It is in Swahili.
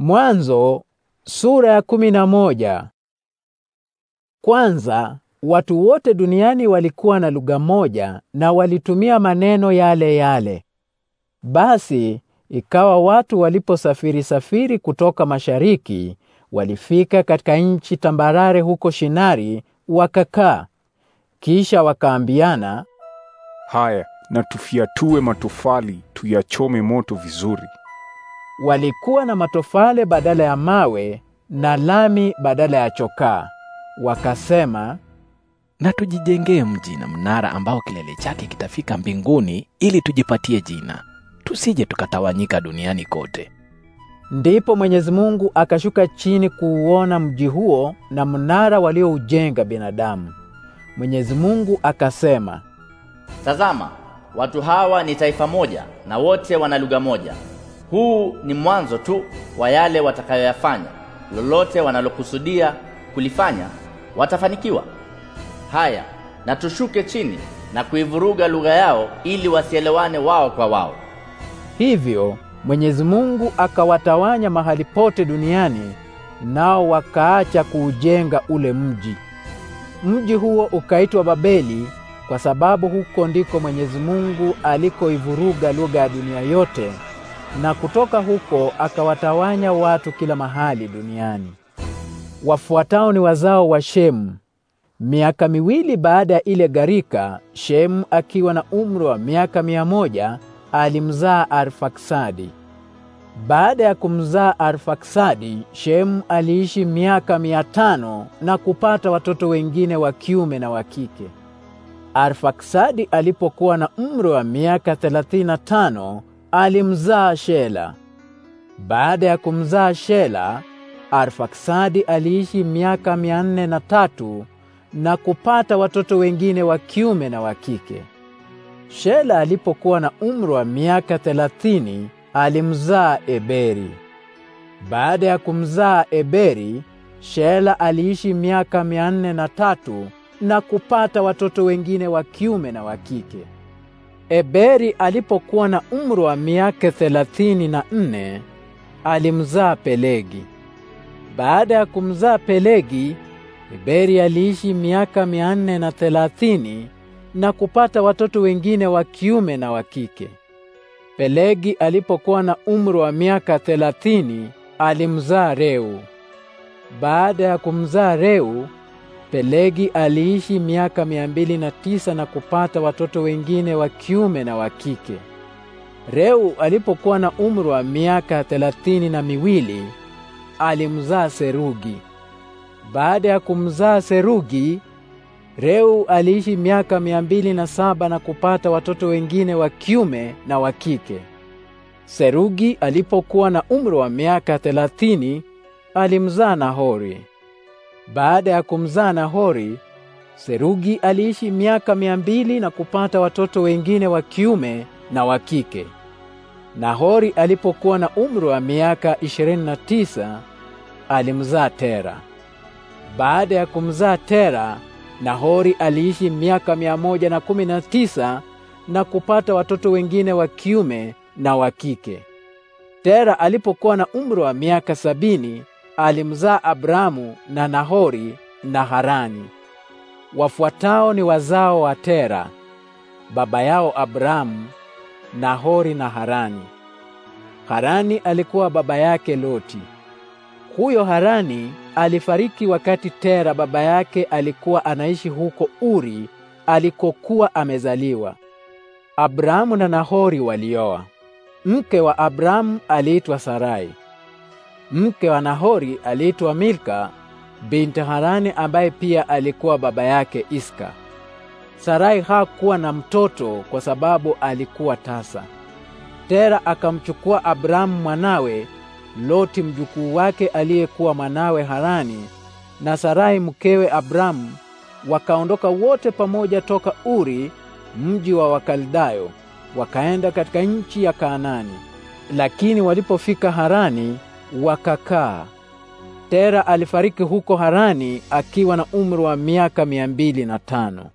Mwanzo sura ya kumi na moja. Kwanza watu wote duniani walikuwa na lugha moja na walitumia maneno yale yale. Basi ikawa watu waliposafiri safiri kutoka mashariki walifika katika nchi tambarare huko Shinari wakakaa. Kisha wakaambiana, haya, na tufiatue matofali tuyachome moto vizuri walikuwa na matofale badala ya mawe na lami badala ya chokaa. Wakasema, na tujijengee mji na mnara ambao kilele chake kitafika mbinguni, ili tujipatie jina, tusije tukatawanyika duniani kote. Ndipo Mwenyezi Mungu akashuka chini kuuona mji huo na mnara walioujenga binadamu. Mwenyezi Mungu akasema, tazama, watu hawa ni taifa moja na wote wana lugha moja. Huu ni mwanzo tu wa yale watakayoyafanya. Lolote wanalokusudia kulifanya watafanikiwa. Haya, na tushuke chini na kuivuruga lugha yao ili wasielewane wao kwa wao. Hivyo Mwenyezi Mungu akawatawanya mahali pote duniani, nao wakaacha kuujenga ule mji. Mji huo ukaitwa Babeli kwa sababu huko ndiko Mwenyezi Mungu alikoivuruga lugha ya dunia yote na kutoka huko akawatawanya watu kila mahali duniani. Wafuatao ni wazao wa Shemu. Miaka miwili baada ya ile gharika, Shemu akiwa na umri wa miaka mia moja alimzaa Arfaksadi. Baada ya kumzaa Arfaksadi, Shemu aliishi miaka mia tano na kupata watoto wengine wa kiume na wa kike. Arfaksadi alipokuwa na umri wa miaka thelathini na tano alimzaa Shela. Baada ya kumzaa Shela, Arfaksadi aliishi miaka mia nne na tatu na kupata watoto wengine wa kiume na wa kike. Shela alipokuwa na umri wa miaka thelathini alimzaa Eberi. Baada ya kumzaa Eberi, Shela aliishi miaka mia nne na tatu na kupata watoto wengine wa kiume na wa kike. Eberi alipokuwa na umri wa miaka thelathini na nne alimzaa Pelegi. Baada ya kumzaa Pelegi, Eberi aliishi miaka mia nne na thelathini na kupata watoto wengine wa kiume na wa kike. Pelegi alipokuwa na umri wa miaka thelathini alimzaa Reu. Baada ya kumzaa Reu, Pelegi aliishi miaka mia mbili na tisa na kupata watoto wengine wa kiume na wa kike. Reu alipokuwa na umri wa miaka thelathini na miwili alimzaa Serugi. Baada ya kumzaa Serugi, Reu aliishi miaka mia mbili na saba na kupata watoto wengine wa kiume na wa kike. Serugi alipokuwa na umri wa miaka thelathini alimzaa Nahori. Baada ya kumzaa Nahori, Serugi aliishi miaka mia mbili na kupata watoto wengine wa kiume na wa kike. Nahori alipokuwa na umri wa miaka ishirini na tisa alimzaa Tera. Baada ya kumzaa Tera, Nahori aliishi miaka mia moja na kumi na tisa na kupata watoto wengine wa kiume na wa kike. Tera alipokuwa na umri wa miaka sabini alimzaa Abramu na Nahori na Harani. Wafuatao ni wazao wa Tera, baba yao Abramu, Nahori na Harani. Harani alikuwa baba yake Loti. Huyo Harani alifariki wakati Tera baba yake alikuwa anaishi huko Uri alikokuwa amezaliwa. Abramu na Nahori walioa. Mke wa Abramu aliitwa Sarai. Mke wa Nahori aliitwa Milka binti Harani, ambaye pia alikuwa baba yake Iska. Sarai hakuwa na mtoto kwa sababu alikuwa tasa. Tera akamchukua Abrahamu mwanawe, Loti mjukuu wake aliyekuwa mwanawe Harani, na Sarai mkewe Abrahamu, wakaondoka wote pamoja toka Uri, mji wa Wakaldayo, wakaenda katika nchi ya Kaanani. Lakini walipofika Harani wakakaa. Tera alifariki huko Harani akiwa na umri wa miaka mia mbili na tano.